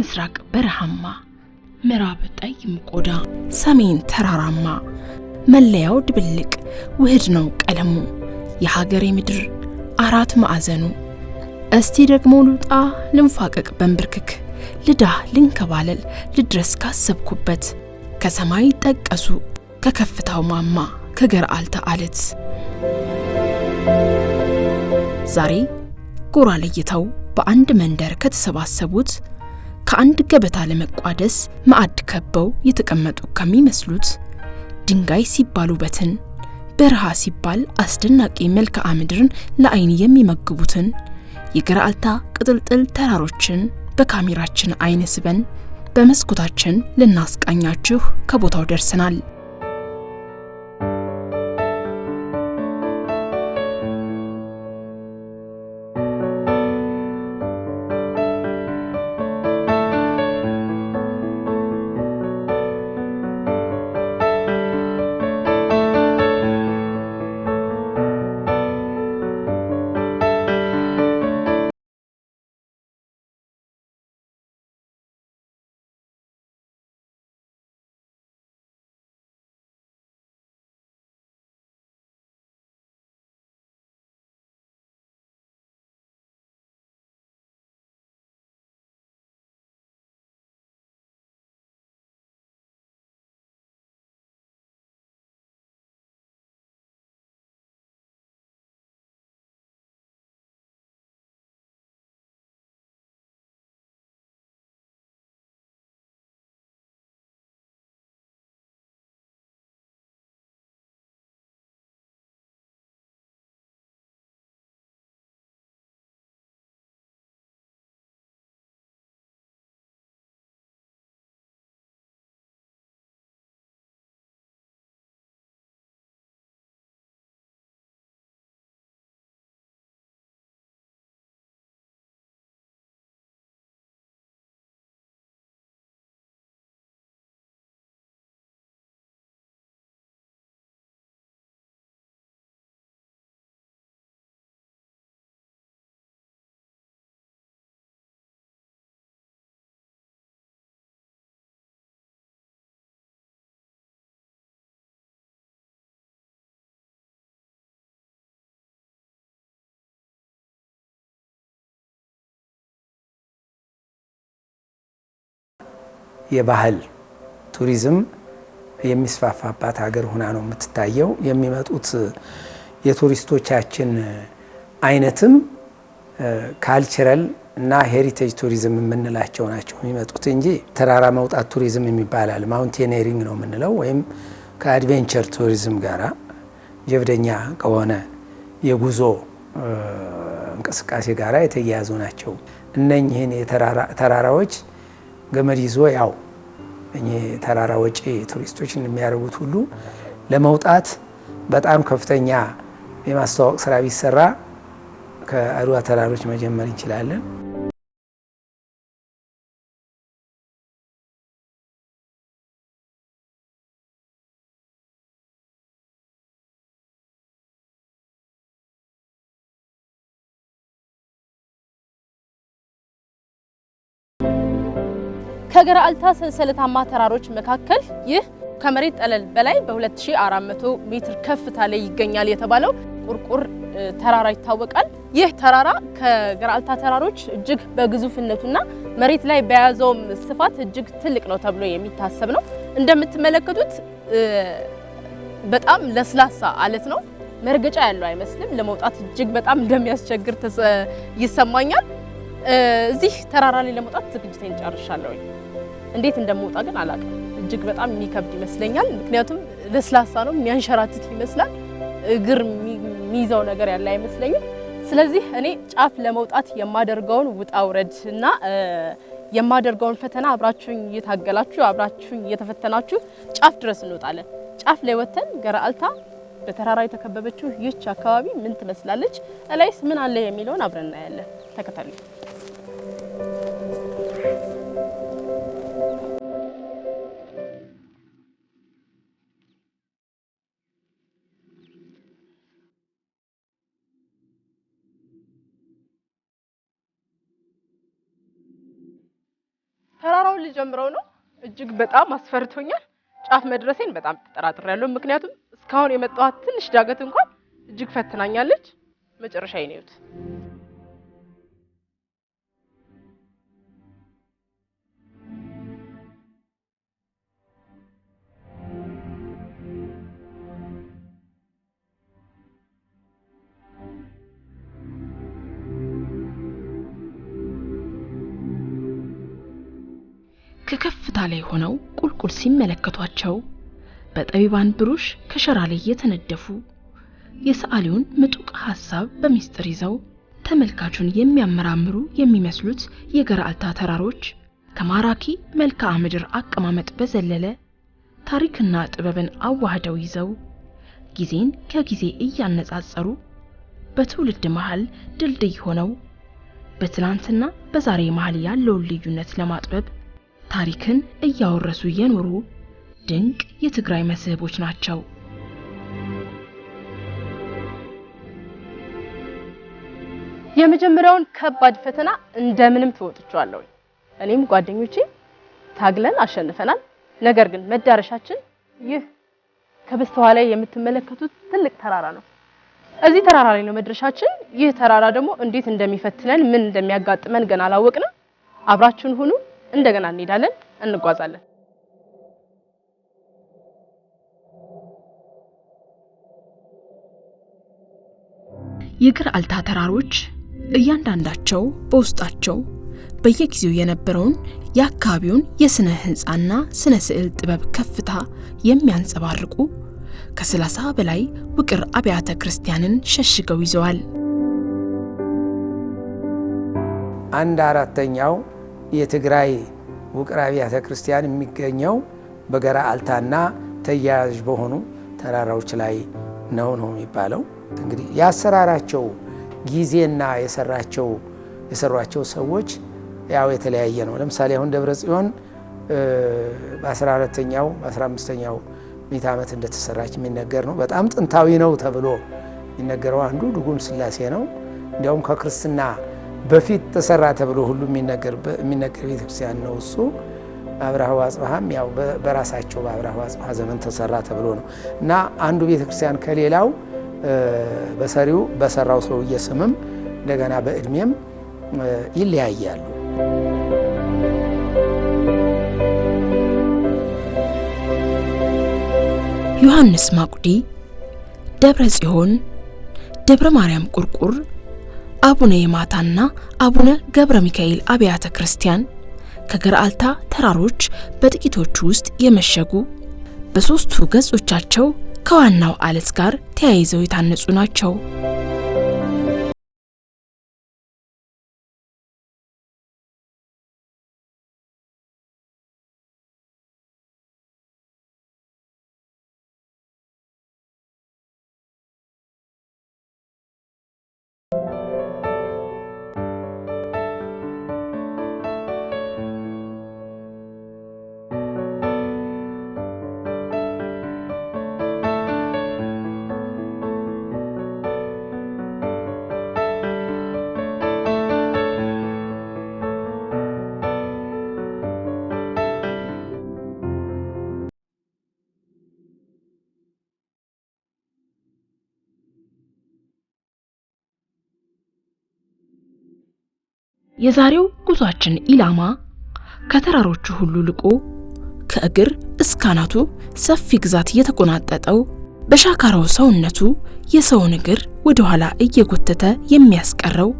ምስራቅ በረሃማ፣ ምዕራብ ጠይም ቆዳ፣ ሰሜን ተራራማ። መለያው ድብልቅ ውህድ ነው ቀለሙ የሀገሬ ምድር አራት ማዕዘኑ። እስቲ ደግሞ ልውጣ ልንፋቀቅ በንብርክክ ልዳህ ልንከባለል ልድረስ ካሰብኩበት ከሰማይ ጠቀሱ ከከፍታው ማማ አልተ አለት ዛሬ ጎራ ለይተው በአንድ መንደር ከተሰባሰቡት ከአንድ ገበታ ለመቋደስ ማዕድ ከበው የተቀመጡ ከሚመስሉት ድንጋይ ሲባል ውበትን፣ በረሃ ሲባል አስደናቂ መልክዓ ምድርን ለአይን የሚመግቡትን የገራልታ ቅጥልጥል ተራሮችን በካሜራችን አይን ስበን በመስኮታችን ልናስቃኛችሁ ከቦታው ደርሰናል። የባህል ቱሪዝም የሚስፋፋባት ሀገር ሆና ነው የምትታየው። የሚመጡት የቱሪስቶቻችን አይነትም ካልቸረል እና ሄሪቴጅ ቱሪዝም የምንላቸው ናቸው የሚመጡት እንጂ ተራራ መውጣት ቱሪዝም የሚባላል ማውንቴኔሪንግ ነው የምንለው ወይም ከአድቬንቸር ቱሪዝም ጋር ጀብደኛ ከሆነ የጉዞ እንቅስቃሴ ጋር የተያያዙ ናቸው። እነኝህን ተራራዎች ገመድ ይዞ ያው እኚህ ተራራ ወጪ ቱሪስቶች እንደሚያደርጉት ሁሉ ለመውጣት በጣም ከፍተኛ የማስተዋወቅ ስራ ቢሰራ ከአድዋ ተራሮች መጀመር እንችላለን። ከገራልታ ሰንሰለታማ ተራሮች መካከል ይህ ከመሬት ጠለል በላይ በ2400 ሜትር ከፍታ ላይ ይገኛል የተባለው ቁርቁር ተራራ ይታወቃል። ይህ ተራራ ከገራልታ ተራሮች እጅግ በግዙፍነቱና መሬት ላይ በያዘውም ስፋት እጅግ ትልቅ ነው ተብሎ የሚታሰብ ነው። እንደምትመለከቱት በጣም ለስላሳ አለት ነው። መርገጫ ያለው አይመስልም። ለመውጣት እጅግ በጣም እንደሚያስቸግር ይሰማኛል። እዚህ ተራራ ላይ ለመውጣት ዝግጅቴን ጨርሻለሁኝ። እንዴት እንደምወጣ ግን አላውቅም። እጅግ በጣም የሚከብድ ይመስለኛል። ምክንያቱም ለስላሳ ነው፣ የሚያንሸራትት ይመስላል። እግር የሚይዘው ነገር ያለ አይመስለኝም። ስለዚህ እኔ ጫፍ ለመውጣት የማደርገውን ውጣ ውረድ እና የማደርገውን ፈተና አብራችሁኝ እየታገላችሁ አብራችሁኝ እየተፈተናችሁ ጫፍ ድረስ እንወጣለን። ጫፍ ላይ ወተን ገረአልታ በተራራ የተከበበችው ይህች አካባቢ ምን ትመስላለች፣ እላይስ ምን አለ የሚለውን አብረን እናያለን። ጀምረው ነው። እጅግ በጣም አስፈርቶኛል። ጫፍ መድረሴን በጣም ጠራጥሬያለሁ። ምክንያቱም እስካሁን የመጣኋት ትንሽ ዳገት እንኳን እጅግ ፈትናኛለች። መጨረሻ ይነዩት ከከፍታ ላይ ሆነው ቁልቁል ሲመለከቷቸው በጠቢባን ብሩሽ ከሸራ ላይ የተነደፉ የሰዓሊውን ምጡቅ ሐሳብ በሚስጥር ይዘው ተመልካቹን የሚያመራምሩ የሚመስሉት የገራልታ ተራሮች ከማራኪ መልክዓ ምድር አቀማመጥ በዘለለ ታሪክና ጥበብን አዋህደው ይዘው ጊዜን ከጊዜ እያነጻጸሩ በትውልድ መሃል ድልድይ ሆነው በትናንትና በዛሬ መሃል ያለውን ልዩነት ለማጥበብ ታሪክን እያወረሱ እየኖሩ ድንቅ የትግራይ መስህቦች ናቸው። የመጀመሪያውን ከባድ ፈተና እንደምንም ተወጥቻለሁ። እኔም ጓደኞቼ ታግለን አሸንፈናል። ነገር ግን መዳረሻችን ይህ ከበስተኋላ የምትመለከቱት ትልቅ ተራራ ነው። እዚህ ተራራ ላይ ነው መድረሻችን። ይህ ተራራ ደግሞ እንዴት እንደሚፈትነን ምን እንደሚያጋጥመን ገና አላወቅንም። አብራችሁን ሁኑ። እንደገና እንሄዳለን፣ እንጓዛለን። አልታ ተራሮች እያንዳንዳቸው በውስጣቸው በየጊዜው የነበረውን የአካባቢውን የስነ ሕንፃና ስነ ስዕል ጥበብ ከፍታ የሚያንጸባርቁ ከ30 በላይ ውቅር አብያተ ክርስቲያንን ሸሽገው ይዘዋል። አንድ አራተኛው የትግራይ ውቅር አብያተ ክርስቲያን የሚገኘው በገራ አልታና ተያያዥ በሆኑ ተራራዎች ላይ ነው ነው የሚባለው። እንግዲህ የአሰራራቸው ጊዜና የሰራቸው የሰሯቸው ሰዎች ያው የተለያየ ነው። ለምሳሌ አሁን ደብረ ጽዮን በ14ተኛው በ15ተኛው ምዕተ ዓመት እንደተሰራች የሚነገር ነው። በጣም ጥንታዊ ነው ተብሎ የሚነገረው አንዱ ድጉም ስላሴ ነው። እንዲያውም ከክርስትና በፊት ተሰራ ተብሎ ሁሉ የሚነገር ቤተክርስቲያን ነው እሱ። አብርሃ ወአጽብሃም ያው በራሳቸው በአብርሃ ወአጽብሃ ዘመን ተሰራ ተብሎ ነው እና አንዱ ቤተክርስቲያን ከሌላው በሰሪው በሰራው ሰውዬ ስምም እንደገና በእድሜም ይለያያሉ። ዮሐንስ ማቁዲ፣ ደብረ ጽዮን፣ ደብረ ማርያም ቁርቁር አቡነ የማታና አቡነ ገብረ ሚካኤል አብያተ ክርስቲያን ከገርአልታ ተራሮች በጥቂቶቹ ውስጥ የመሸጉ በሦስቱ ገጾቻቸው ከዋናው አለት ጋር ተያይዘው የታነጹ ናቸው። የዛሬው ጉዟችን ኢላማ ከተራሮቹ ሁሉ ልቆ ከእግር እስከ አናቱ ሰፊ ግዛት የተቆናጠጠው በሻካራው ሰውነቱ የሰውን እግር ወደ ኋላ እየጎተተ የሚያስቀረው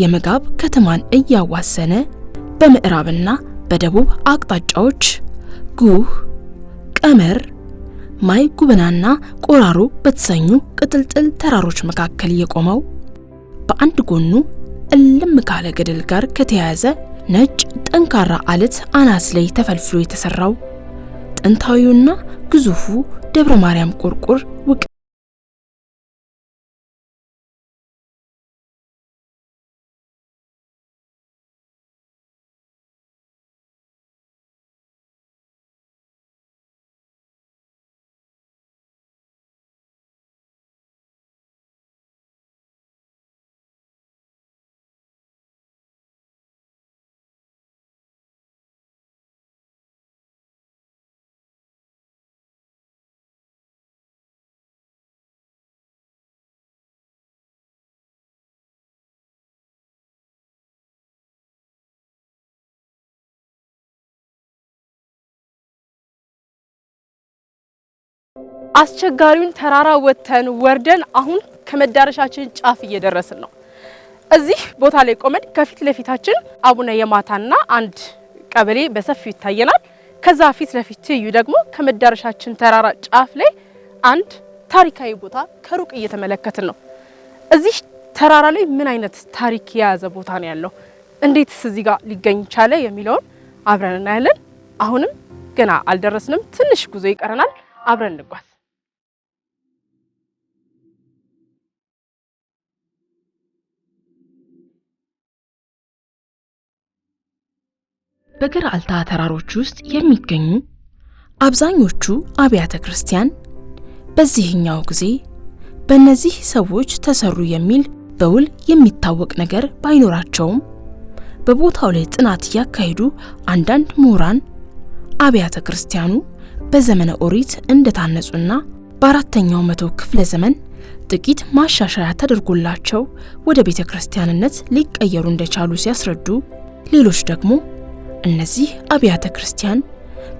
የመጋብ ከተማን እያዋሰነ በምዕራብና በደቡብ አቅጣጫዎች ጉህ፣ ቀመር፣ ማይ ጉበናና ቆራሮ በተሰኙ ቅጥልጥል ተራሮች መካከል የቆመው በአንድ ጎኑ እልም ካለ ገደል ጋር ከተያያዘ ነጭ ጠንካራ አለት አናት ላይ ተፈልፍሎ የተሰራው ጥንታዊውና ግዙፉ ደብረ ማርያም ቁርቁር ውቅ አስቸጋሪውን ተራራ ወጥተን ወርደን አሁን ከመዳረሻችን ጫፍ እየደረስን ነው። እዚህ ቦታ ላይ ቆመን ከፊት ለፊታችን አቡነ የማታና አንድ ቀበሌ በሰፊው ይታየናል። ከዛ ፊት ለፊት ትይዩ ደግሞ ከመዳረሻችን ተራራ ጫፍ ላይ አንድ ታሪካዊ ቦታ ከሩቅ እየተመለከትን ነው። እዚህ ተራራ ላይ ምን አይነት ታሪክ የያዘ ቦታ ነው ያለው? እንዴትስ እዚህ ጋር ሊገኝ ቻለ የሚለውን አብረን እናያለን። አሁንም ገና አልደረስንም፣ ትንሽ ጉዞ ይቀረናል። አብረን እንጓዝ። በገርአልታ ተራሮች ውስጥ የሚገኙ አብዛኞቹ አብያተ ክርስቲያን በዚህኛው ጊዜ በእነዚህ ሰዎች ተሰሩ የሚል በውል የሚታወቅ ነገር ባይኖራቸውም በቦታው ላይ ጥናት እያካሄዱ አንዳንድ ምሁራን አብያተ ክርስቲያኑ በዘመነ ኦሪት እንደታነጹና በአራተኛው መቶ ክፍለ ዘመን ጥቂት ማሻሻያ ተደርጎላቸው ወደ ቤተ ክርስቲያንነት ሊቀየሩ እንደቻሉ ሲያስረዱ፣ ሌሎች ደግሞ እነዚህ አብያተ ክርስቲያን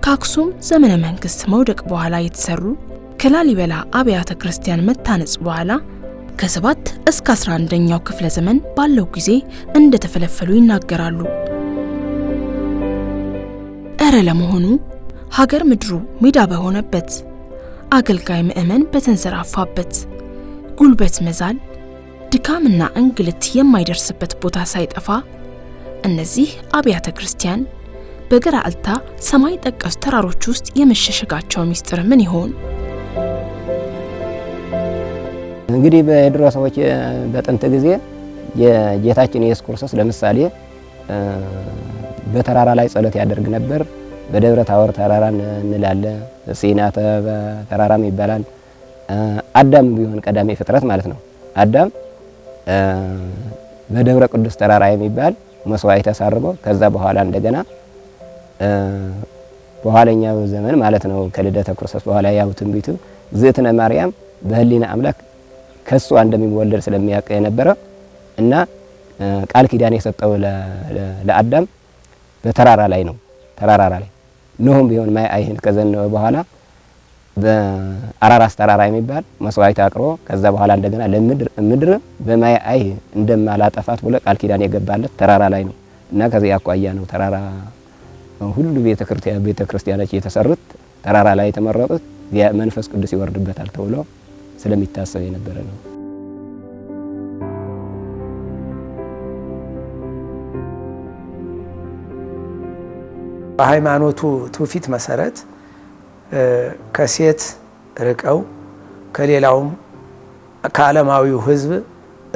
ከአክሱም ዘመነ መንግስት መውደቅ በኋላ የተሰሩ ከላሊበላ አብያተ ክርስቲያን መታነጽ በኋላ ከሰባት እስከ 11ኛው ክፍለ ዘመን ባለው ጊዜ እንደተፈለፈሉ ይናገራሉ። እረ ለመሆኑ ሀገር ምድሩ ሜዳ በሆነበት አገልጋይ ምእመን በተንሰራፋበት ጉልበት መዛል ድካምና እንግልት የማይደርስበት ቦታ ሳይጠፋ እነዚህ አብያተ ክርስቲያን በገራልታ ሰማይ ጠቀስ ተራሮች ውስጥ የመሸሸጋቸው ምስጢር ምን ይሆን? እንግዲህ በድሮ ሰዎች በጥንት ጊዜ የጌታችን ኢየሱስ ክርስቶስ ለምሳሌ በተራራ ላይ ጸሎት ያደርግ ነበር። በደብረ ታወር ተራራን እንላለን። ሲና ተራራም ይባላል። አዳም ቢሆን ቀዳሜ ፍጥረት ማለት ነው። አዳም በደብረ ቅዱስ ተራራ የሚባል መስዋዕት ተሳርጎ ከዛ በኋላ እንደገና በኋለኛው ዘመን ማለት ነው ከልደተ ክርስቶስ በኋላ ያው ትንቢቱ ዝእትነ ማርያም በህሊና አምላክ ከሷ እንደሚወለድ ስለሚያውቅ የነበረ እና ቃል ኪዳን የሰጠው ለአዳም በተራራ ላይ ነው። ተራራ ላይ ኖህም ቢሆን ማይ አይህን ከዘነበ በኋላ በአራራስ ተራራ የሚባል መስዋዕት አቅርቦ ከዛ በኋላ እንደገና ለምድር በማይ አይህ እንደማላጠፋት ብሎ ቃል ኪዳን የገባለት ተራራ ላይ ነው እና ከዚህ አኳያ ነው ተራራ ሁሉ ቤተ ክርስቲያኖች የተሰሩት ተራራ ላይ የተመረጡት መንፈስ ቅዱስ ይወርድበታል ተብሎ ስለሚታሰብ የነበረ ነው። በሃይማኖቱ ትውፊት መሰረት ከሴት ርቀው ከሌላውም ከዓለማዊው ሕዝብ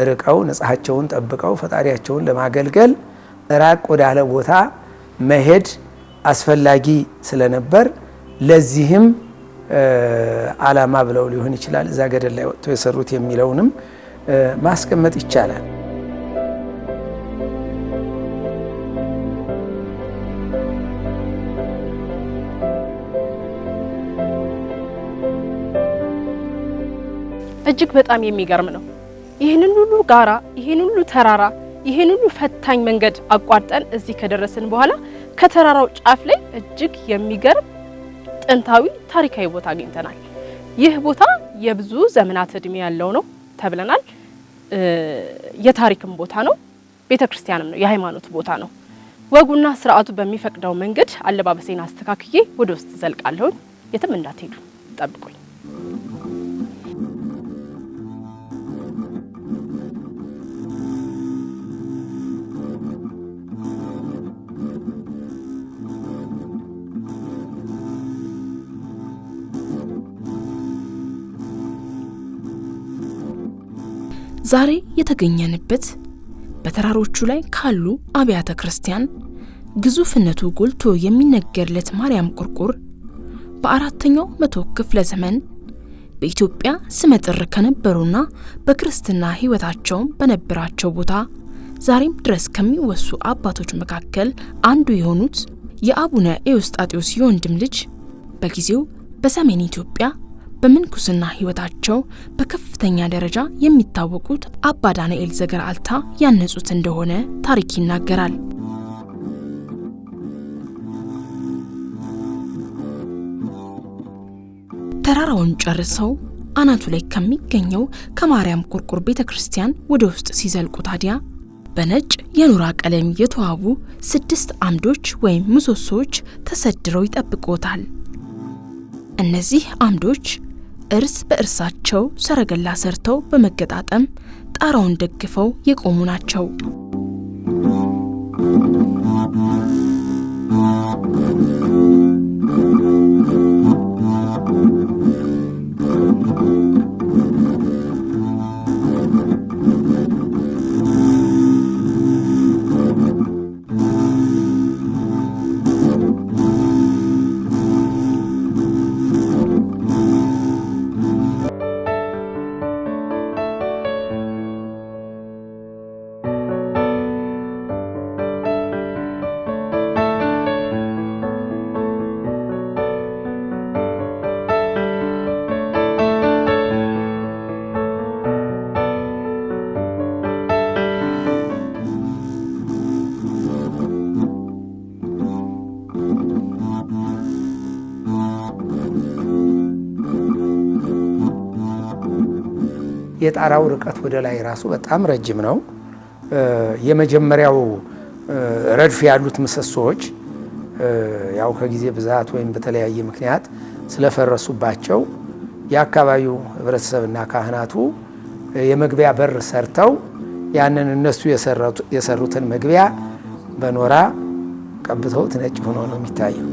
ርቀው ንጽሐቸውን ጠብቀው ፈጣሪያቸውን ለማገልገል ራቅ ወዳለ ቦታ መሄድ አስፈላጊ ስለነበር ለዚህም ዓላማ ብለው ሊሆን ይችላል እዛ ገደል ላይ ወጥቶ የሰሩት የሚለውንም ማስቀመጥ ይቻላል። እጅግ በጣም የሚገርም ነው። ይህንን ሁሉ ጋራ፣ ይህን ሁሉ ተራራ፣ ይህን ሁሉ ፈታኝ መንገድ አቋርጠን እዚህ ከደረስን በኋላ ከተራራው ጫፍ ላይ እጅግ የሚገርም ጥንታዊ ታሪካዊ ቦታ አግኝተናል። ይህ ቦታ የብዙ ዘመናት እድሜ ያለው ነው ተብለናል። የታሪክም ቦታ ነው፣ ቤተ ክርስቲያንም ነው፣ የሃይማኖት ቦታ ነው። ወጉና ስርዓቱ በሚፈቅደው መንገድ አለባበሴን አስተካክዬ ወደ ውስጥ ዘልቃለሁኝ። የትም እንዳትሄዱ ጠብቁኝ። ዛሬ የተገኘንበት በተራሮቹ ላይ ካሉ አብያተ ክርስቲያን ግዙፍነቱ ጎልቶ የሚነገርለት ማርያም ቁርቁር በአራተኛው መቶ ክፍለ ዘመን በኢትዮጵያ ስመጥር ከነበሩና በክርስትና ሕይወታቸውም በነበራቸው ቦታ ዛሬም ድረስ ከሚወሱ አባቶች መካከል አንዱ የሆኑት የአቡነ ኤዎስጣቴዎስ የወንድም ልጅ በጊዜው በሰሜን ኢትዮጵያ በምንኩስና ህይወታቸው በከፍተኛ ደረጃ የሚታወቁት አባ ዳንኤል ዘገር አልታ ያነጹት እንደሆነ ታሪክ ይናገራል። ተራራውን ጨርሰው አናቱ ላይ ከሚገኘው ከማርያም ቁርቁር ቤተ ክርስቲያን ወደ ውስጥ ሲዘልቁ ታዲያ በነጭ የኑራ ቀለም የተዋቡ ስድስት አምዶች ወይም ምሰሶዎች ተሰድረው ይጠብቆታል። እነዚህ አምዶች እርስ በእርሳቸው ሰረገላ ሰርተው በመገጣጠም ጣራውን ደግፈው የቆሙ ናቸው። የጣራው ርቀት ወደ ላይ ራሱ በጣም ረጅም ነው። የመጀመሪያው ረድፍ ያሉት ምሰሶዎች ያው ከጊዜ ብዛት ወይም በተለያየ ምክንያት ስለፈረሱባቸው የአካባቢው ህብረተሰብና ካህናቱ የመግቢያ በር ሰርተው ያንን እነሱ የሰሩትን መግቢያ በኖራ ቀብተውት ነጭ ሆኖ ነው የሚታየው።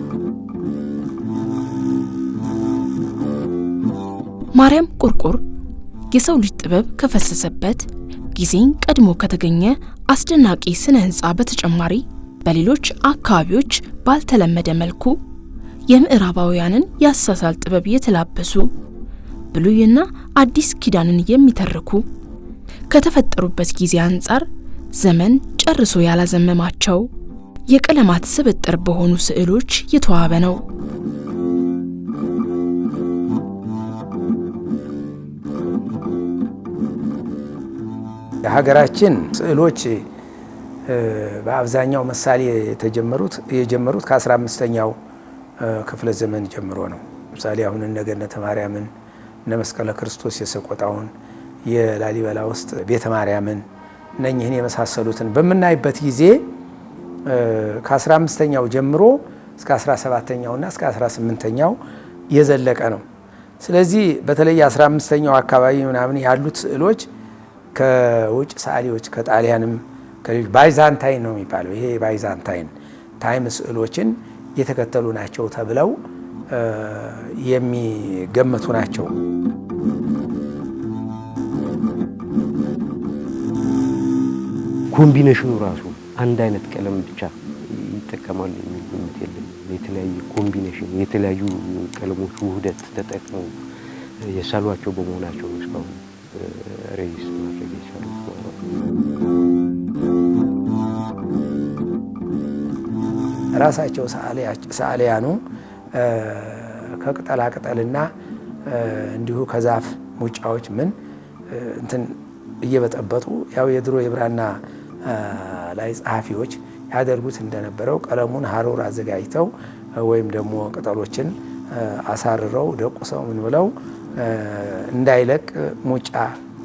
ማርያም ቁርቁር የሰው ልጅ ጥበብ ከፈሰሰበት ጊዜን ቀድሞ ከተገኘ አስደናቂ ስነ ህንፃ በተጨማሪ በሌሎች አካባቢዎች ባልተለመደ መልኩ የምዕራባውያንን የአሳሳል ጥበብ የተላበሱ ብሉይና አዲስ ኪዳንን የሚተርኩ ከተፈጠሩበት ጊዜ አንጻር ዘመን ጨርሶ ያላዘመማቸው የቀለማት ስብጥር በሆኑ ስዕሎች የተዋበ ነው። የሀገራችን ስዕሎች በአብዛኛው ምሳሌ የተጀመሩት የጀመሩት ከ15ኛው ክፍለ ዘመን ጀምሮ ነው። ምሳሌ አሁን እነ ገነተ ማርያምን እነ መስቀለ ክርስቶስ የሰቆጣውን የላሊበላ ውስጥ ቤተ ማርያምን እነኝህን የመሳሰሉትን በምናይበት ጊዜ ከ15ኛው ጀምሮ እስከ 17ኛውና እስከ 18ኛው የዘለቀ ነው። ስለዚህ በተለይ 15ኛው አካባቢ ምናምን ያሉት ስዕሎች ከውጭ ሰዓሊዎች ከጣሊያንም ባይዛንታይን ነው የሚባለው። ይሄ ባይዛንታይን ታይም ስዕሎችን የተከተሉ ናቸው ተብለው የሚገመቱ ናቸው። ኮምቢኔሽኑ ራሱ አንድ አይነት ቀለም ብቻ ይጠቀማሉ የሚል ግምት የለም። የተለያየ ኮምቢኔሽን የተለያዩ ቀለሞች ውህደት ተጠቅመው የሳሏቸው በመሆናቸው እስካሁን ሬጅስት ማድረግ የቻሉት ማለት ራሳቸው ሰዓሊያኑ ከቅጠላ ቅጠልና እንዲሁ ከዛፍ ሙጫዎች ምን እንትን እየበጠበጡ ያው የድሮ የብራና ላይ ጸሐፊዎች ያደርጉት እንደነበረው ቀለሙን ሀሩር አዘጋጅተው ወይም ደግሞ ቅጠሎችን አሳርረው ደቁሰው ምን ብለው እንዳይለቅ ሙጫ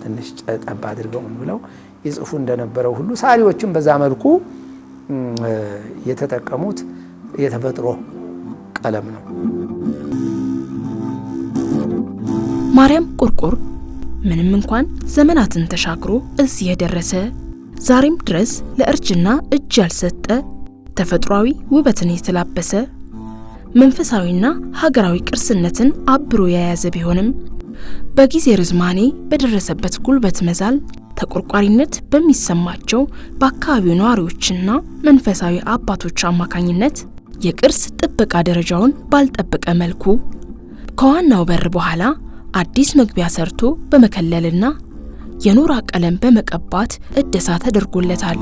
ትንሽ ጠብ አድርገው ብለው ይጽፉ እንደነበረው ሁሉ ሳሪዎችም በዛ መልኩ የተጠቀሙት የተፈጥሮ ቀለም ነው። ማርያም ቁርቁር ምንም እንኳን ዘመናትን ተሻግሮ እዚህ የደረሰ ዛሬም ድረስ ለእርጅና እጅ ያልሰጠ ተፈጥሯዊ ውበትን የተላበሰ መንፈሳዊና ሀገራዊ ቅርስነትን አብሮ የያዘ ቢሆንም በጊዜ ርዝማኔ በደረሰበት ጉልበት መዛል ተቆርቋሪነት በሚሰማቸው በአካባቢው ነዋሪዎችና መንፈሳዊ አባቶች አማካኝነት የቅርስ ጥበቃ ደረጃውን ባልጠበቀ መልኩ ከዋናው በር በኋላ አዲስ መግቢያ ሰርቶ በመከለልና የኖራ ቀለም በመቀባት እደሳ ተደርጎለታል።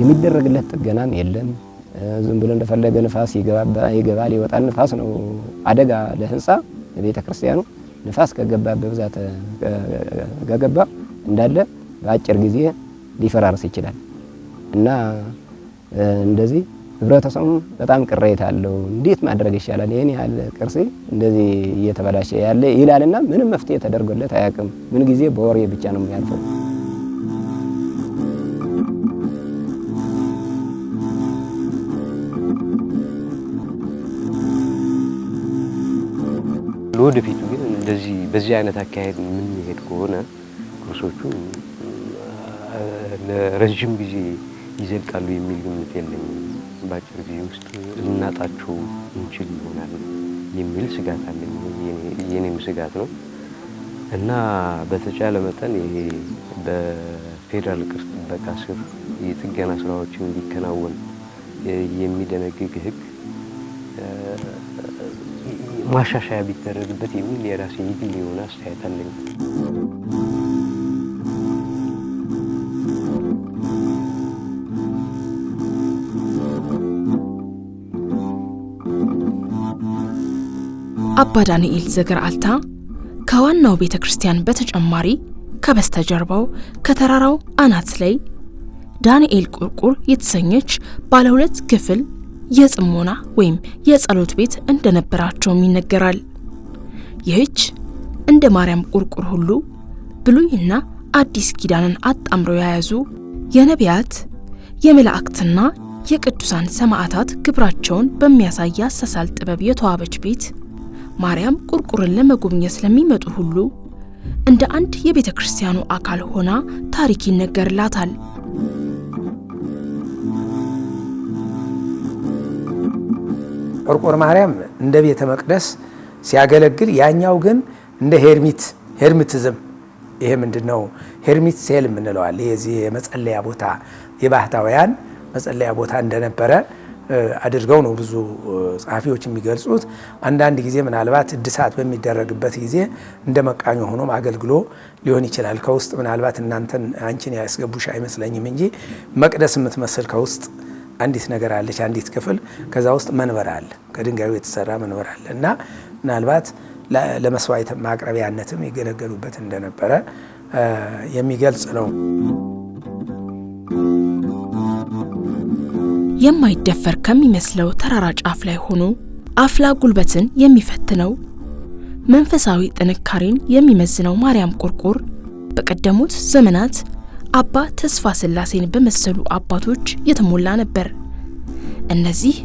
የሚደረግለት ጥገናም የለም። ዝም ብሎ እንደፈለገ ንፋስ ይገባል ይወጣል። ንፋስ ነው አደጋ ለህንፃ ለቤተ ክርስቲያኑ። ንፋስ ከገባ በብዛት ከገባ እንዳለ በአጭር ጊዜ ሊፈራርስ ይችላል እና እንደዚህ ህብረተሰቡ በጣም ቅሬታ አለው። እንዴት ማድረግ ይሻላል? ይህን ያህል ቅርሴ እንደዚህ እየተበላሸ ያለ ይላልና ምንም መፍትሄ ተደርጎለት አያውቅም። ምን ጊዜ በወሬ ብቻ ነው የሚያልፈው። ለወደፊቱ ግን እንደዚህ በዚህ አይነት አካሄድ የምንሄድ ከሆነ ኮርሶቹ ለረዥም ጊዜ ይዘልቃሉ የሚል ግምት የለኝም። በአጭር ጊዜ ውስጥ ልናጣቸው እንችል ይሆናል የሚል ስጋት አለኝ። የኔም ስጋት ነው እና በተቻለ መጠን ይሄ በፌዴራል ቅርስ ጥበቃ ስር የጥገና ስራዎችን እንዲከናወን የሚደነግግ ህግ ማሻሻያ ቢደረግበት የሚል የራሴ የግል የሆነ አስተያየት አለኝ። አባ ዳንኤል ዘገርአልታ ከዋናው ቤተ ክርስቲያን በተጨማሪ ከበስተጀርባው ከተራራው አናት ላይ ዳንኤል ቁርቁር የተሰኘች ባለ ሁለት ክፍል የጽሞና ወይም የጸሎት ቤት እንደነበራቸውም ይነገራል። ይህች እንደ ማርያም ቁርቁር ሁሉ ብሉይና አዲስ ኪዳንን አጣምረው የያዙ የነቢያት የመላእክትና የቅዱሳን ሰማዕታት ግብራቸውን በሚያሳይ አሳሳል ጥበብ የተዋበች ቤት ማርያም ቁርቁርን ለመጎብኘት ስለሚመጡ ሁሉ እንደ አንድ የቤተ ክርስቲያኑ አካል ሆና ታሪክ ይነገርላታል። ቆርቆር ማርያም እንደ ቤተ መቅደስ ሲያገለግል፣ ያኛው ግን እንደ ሄርሚት ሄርሚትዝም ይሄ ምንድን ነው? ሄርሚት ሴል የምንለዋል። የዚህ የመጸለያ ቦታ የባህታውያን መጸለያ ቦታ እንደነበረ አድርገው ነው ብዙ ጸሐፊዎች የሚገልጹት። አንዳንድ ጊዜ ምናልባት እድሳት በሚደረግበት ጊዜ እንደ መቃኞ ሆኖም አገልግሎ ሊሆን ይችላል። ከውስጥ ምናልባት እናንተን አንቺን ያስገቡሽ አይመስለኝም እንጂ መቅደስ የምትመስል ከውስጥ አንዲት ነገር አለች፣ አንዲት ክፍል ከዛ ውስጥ መንበር አለ፣ ከድንጋዩ የተሰራ መንበር አለ እና ምናልባት ለመስዋዕት ማቅረቢያነትም ይገለገሉበት እንደነበረ የሚገልጽ ነው። የማይደፈር ከሚመስለው ተራራ ጫፍ ላይ ሆኖ አፍላ ጉልበትን የሚፈትነው መንፈሳዊ ጥንካሬን የሚመዝነው ማርያም ቁርቁር በቀደሙት ዘመናት አባ ተስፋ ስላሴን በመሰሉ አባቶች የተሞላ ነበር። እነዚህ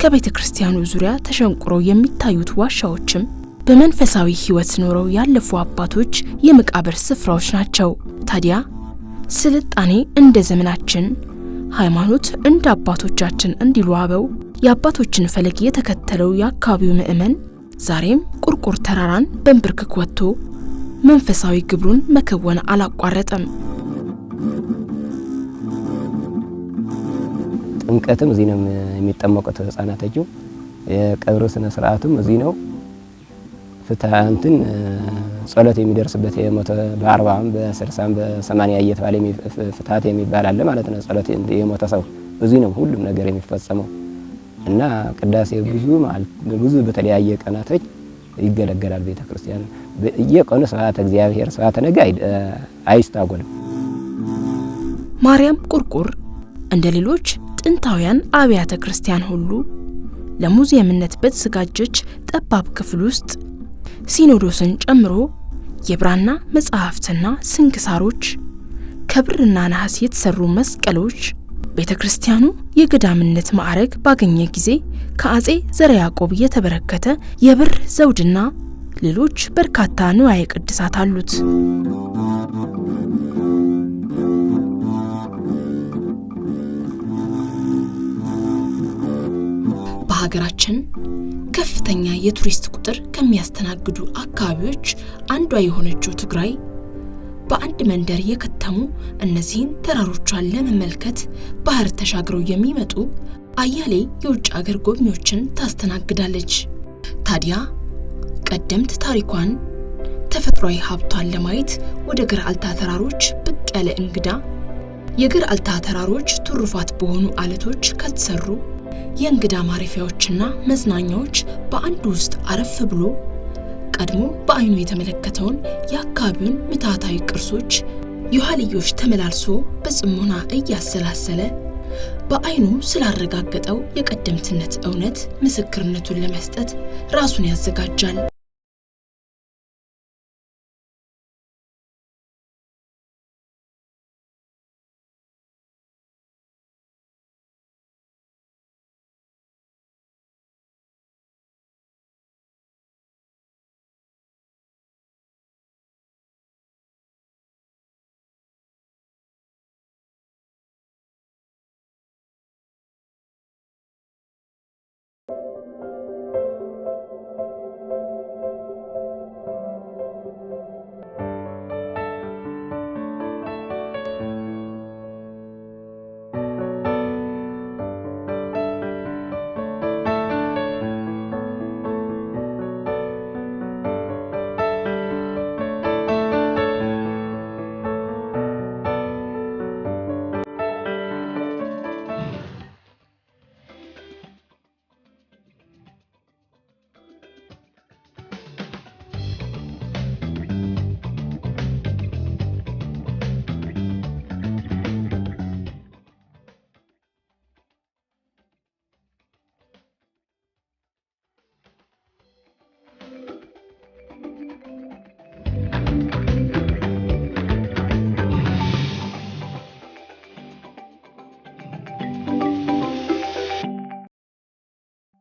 ከቤተ ክርስቲያኑ ዙሪያ ተሸንቁረው የሚታዩት ዋሻዎችም በመንፈሳዊ ሕይወት ኖረው ያለፉ አባቶች የመቃብር ስፍራዎች ናቸው። ታዲያ ስልጣኔ እንደ ዘመናችን፣ ሃይማኖት እንደ አባቶቻችን እንዲሉ አበው የአባቶችን ፈለግ የተከተለው የአካባቢው ምዕመን ዛሬም ቁርቁር ተራራን በንብርክክ ወጥቶ መንፈሳዊ ግብሩን መከወን አላቋረጠም። ጥምቀትም እዚህ ነው የሚጠመቁት እጁ የቀብር ስነ ስርዓቱም እዚህ ነው። ፍትሃንትን ጸሎት የሚደርስበት የሞተ በአርባም በስልሳም በሰማንያ እየተባለ ፍትሃት የሚባል አለ ማለት ነው። ጸሎት የሞተ ሰው እዚህ ነው ሁሉም ነገር የሚፈጸመው እና ቅዳሴ ብዙ ብዙ በተለያየ ቀናቶች ይገለገላል ቤተ ክርስቲያን። እየቀኑ ስብሐተ እግዚአብሔር ስብሐተ ነገ አይስታጎልም። ማርያም ቁርቁር እንደ ሌሎች ጥንታውያን አብያተ ክርስቲያን ሁሉ ለሙዚየምነት በተዘጋጀች ጠባብ ክፍል ውስጥ ሲኖዶስን ጨምሮ የብራና መጽሐፍትና ስንክሳሮች፣ ከብርና ነሐስ የተሰሩ መስቀሎች ቤተ ክርስቲያኑ የገዳምነት ማዕረግ ባገኘ ጊዜ ከአጼ ዘረ ያዕቆብ የተበረከተ የብር ዘውድና ሌሎች በርካታ ንዋየ ቅድሳት አሉት። በሀገራችን ከፍተኛ የቱሪስት ቁጥር ከሚያስተናግዱ አካባቢዎች አንዷ የሆነችው ትግራይ በአንድ መንደር የከተሙ እነዚህን ተራሮቿን ለመመልከት ባህር ተሻግረው የሚመጡ አያሌ የውጭ አገር ጎብኚዎችን ታስተናግዳለች። ታዲያ ቀደምት ታሪኳን፣ ተፈጥሯዊ ሀብቷን ለማየት ወደ ገርአልታ ተራሮች ብቅ ያለ እንግዳ የገርአልታ ተራሮች ትሩፋት በሆኑ አለቶች ከተሰሩ የእንግዳ ማረፊያዎችና መዝናኛዎች በአንድ ውስጥ አረፍ ብሎ ቀድሞ በአይኑ የተመለከተውን የአካባቢውን ምታታዊ ቅርሶች የኋልዮሽ ተመላልሶ በጽሞና እያሰላሰለ በአይኑ ስላረጋገጠው የቀደምትነት እውነት ምስክርነቱን ለመስጠት ራሱን ያዘጋጃል።